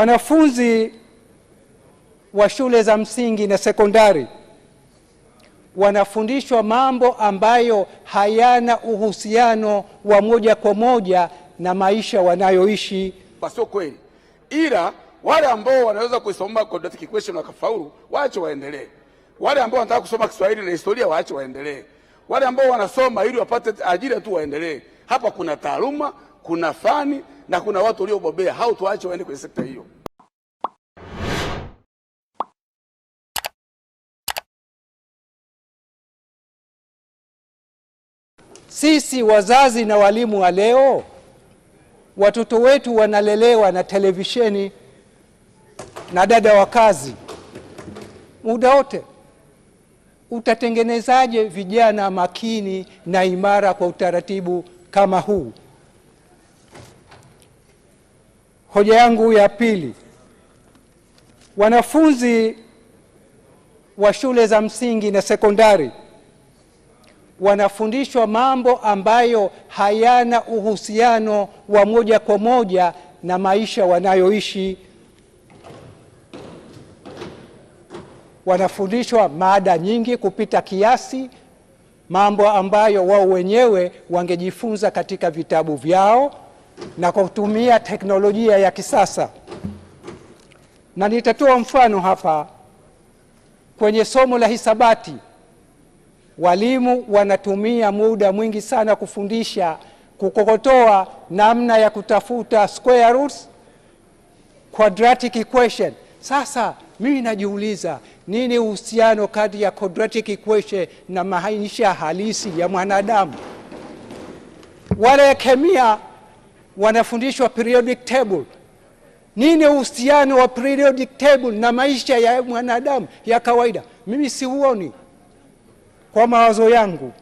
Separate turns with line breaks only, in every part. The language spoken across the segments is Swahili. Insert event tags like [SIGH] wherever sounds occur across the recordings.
Wanafunzi wa shule za msingi na sekondari wanafundishwa mambo ambayo hayana uhusiano wa moja kwa moja na maisha wanayoishi,
pasio kweli. Ila wale ambao wanaweza kusoma quadratic equation wakafaulu, waache waendelee. Wale ambao wanataka kusoma Kiswahili na historia waache waendelee. Wale ambao wanasoma ili wapate ajira tu waendelee. Hapa kuna taaluma, kuna fani na kuna watu waliobobea, hao tuache waende kwenye sekta hiyo.
Sisi wazazi na walimu wa leo, watoto wetu wanalelewa na televisheni na dada wa kazi muda wote. Utatengenezaje vijana makini na imara kwa utaratibu kama huu? Hoja yangu ya pili, wanafunzi wa shule za msingi na sekondari wanafundishwa mambo ambayo hayana uhusiano wa moja kwa moja na maisha wanayoishi. Wanafundishwa mada nyingi kupita kiasi, mambo ambayo wao wenyewe wangejifunza katika vitabu vyao na kwa kutumia teknolojia ya kisasa, na nitatoa mfano hapa kwenye somo la hisabati. Walimu wanatumia muda mwingi sana kufundisha kukokotoa namna ya kutafuta square roots, quadratic equation. Sasa mimi najiuliza nini uhusiano kati ya quadratic equation na maisha halisi ya mwanadamu? Wale kemia wanafundishwa periodic table. Nini uhusiano wa periodic table na maisha ya mwanadamu ya kawaida? Mimi siuoni. Kwa mawazo yangu,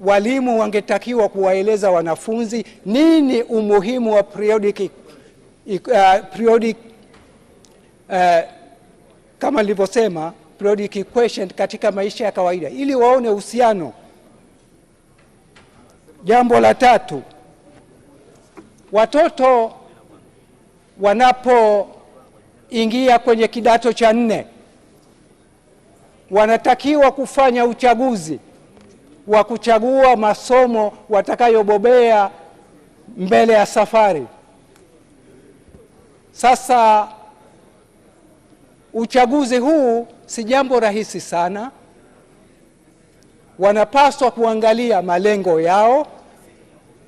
walimu wangetakiwa kuwaeleza wanafunzi nini umuhimu wa periodic, uh, periodic uh, kama nilivyosema periodic equation katika maisha ya kawaida ili waone uhusiano. Jambo la tatu Watoto wanapoingia kwenye kidato cha nne wanatakiwa kufanya uchaguzi wa kuchagua masomo watakayobobea mbele ya safari. Sasa uchaguzi huu si jambo rahisi sana. Wanapaswa kuangalia malengo yao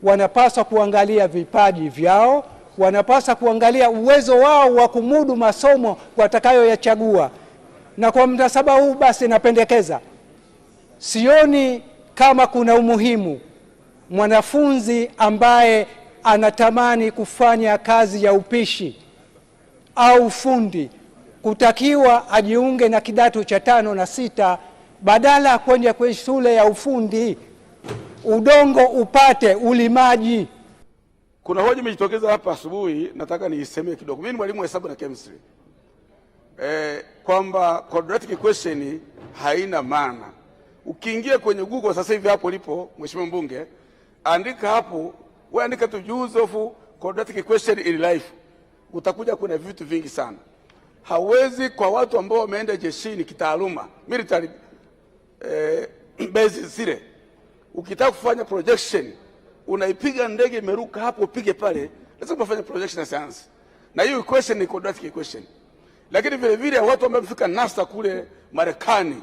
wanapaswa kuangalia vipaji vyao, wanapaswa kuangalia uwezo wao wa kumudu masomo watakayoyachagua. Na kwa mtasaba huu basi, napendekeza, sioni kama kuna umuhimu mwanafunzi ambaye anatamani kufanya kazi ya upishi au fundi kutakiwa ajiunge na kidato cha tano na sita badala ya kwenda kwenye shule ya ufundi udongo upate ulimaji.
Kuna hoja imejitokeza hapa asubuhi, nataka niisemee kidogo. Mimi ni mwalimu wa hesabu na chemistry eh, kwamba quadratic equation haina maana. Ukiingia kwenye Google sasa hivi hapo lipo, mheshimiwa mbunge, andika hapo, wewe andika tu use of quadratic equation in life, utakuja kuna vitu vingi sana. Hawezi kwa watu ambao wameenda jeshini kitaaluma military eh, [CLEARS THROAT] basis zile Ukitaka kufanya projection unaipiga ndege imeruka hapo, upige pale, lazima ufanye projection ya sayansi, na hiyo equation ni quadratic equation. Lakini vile vile watu ambao wamefika NASA kule Marekani,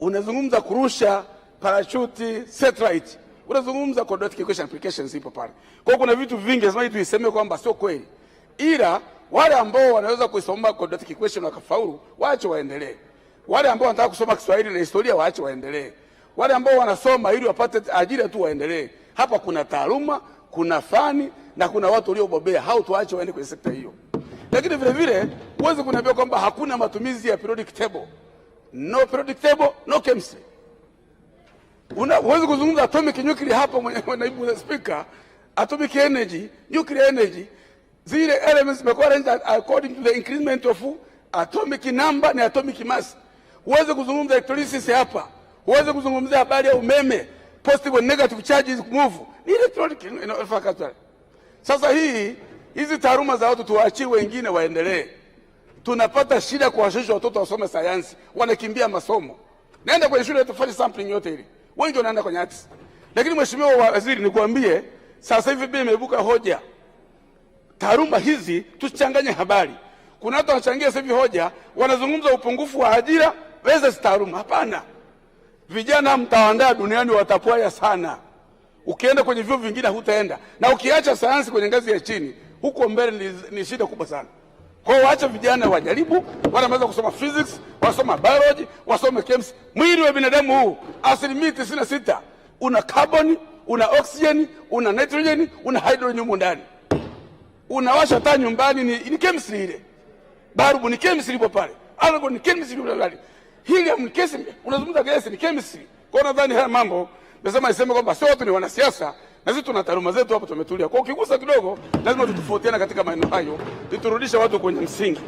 unazungumza kurusha parachute satellite, unazungumza quadratic equation applications ipo pale. Kwa hiyo kuna vitu vingi lazima hii tuiseme kwamba sio kweli, ila wale ambao wanaweza kusoma quadratic equation wakafaulu, waache waendelee. Wale ambao wanataka kusoma Kiswahili na historia waache waendelee wale ambao wanasoma ili wapate ajira tu waendelee. Hapa kuna taaluma, kuna fani na kuna watu waliobobea, hao tuache waende kwenye sekta hiyo. Lakini vile vile huwezi kuniambia kwamba hakuna matumizi ya periodic table. No periodic table, no chemistry. Una Huwezi kuzungumza atomic nuclear hapa, mwenye naibu na speaker, atomic energy, nuclear energy, zile elements zimekuwa arranged according to the increment of atomic number na atomic mass. Huwezi kuzungumza electrolysis hapa. Huwezi kuzungumzia habari ya umeme positive negative charges move ni electronic infrastructure. Sasa hii hizi taaluma za watu tuwaachie wengine waendelee. Tunapata shida kuwashawishi watoto wasome sayansi, wanakimbia masomo. Naenda kwenye shule tufanye sampling yote ile, wengi wanaenda kwenye arts. Lakini mheshimiwa waziri, nikwambie sasa hivi pia e imeibuka hoja taaluma hizi tusichanganye habari. Kuna watu wanachangia sasa hivi hoja, wanazungumza upungufu wa ajira weza taaluma. Hapana. Vijana mtaandaa duniani watapwaya sana, ukienda kwenye vyuo vingine hutaenda, na ukiacha sayansi kwenye ngazi ya chini, huko mbele ni shida kubwa sana. Kwa hiyo waache vijana wajaribu, wanaweza kusoma physics, wasoma biology, wasome chemistry. Mwili wa binadamu huu asilimia tisini na sita una carbon, una oxygen, una nitrogen, una hydrogen humo ndani. Unawasha taa nyumbani ni, ni chemistry ile. Barubu ni chemistry ipo pale. Argon ni chemistry ipo pale hili hamkesi, unazungumza gesi ni chemistry. Kwa nadhani haya mambo nasema iseme kwamba sio watu ni wanasiasa, na sisi tuna taaluma zetu hapo, tumetulia. Kwa ukigusa kidogo, lazima tutofautiana katika maeneo hayo, tuturudisha watu kwenye msingi.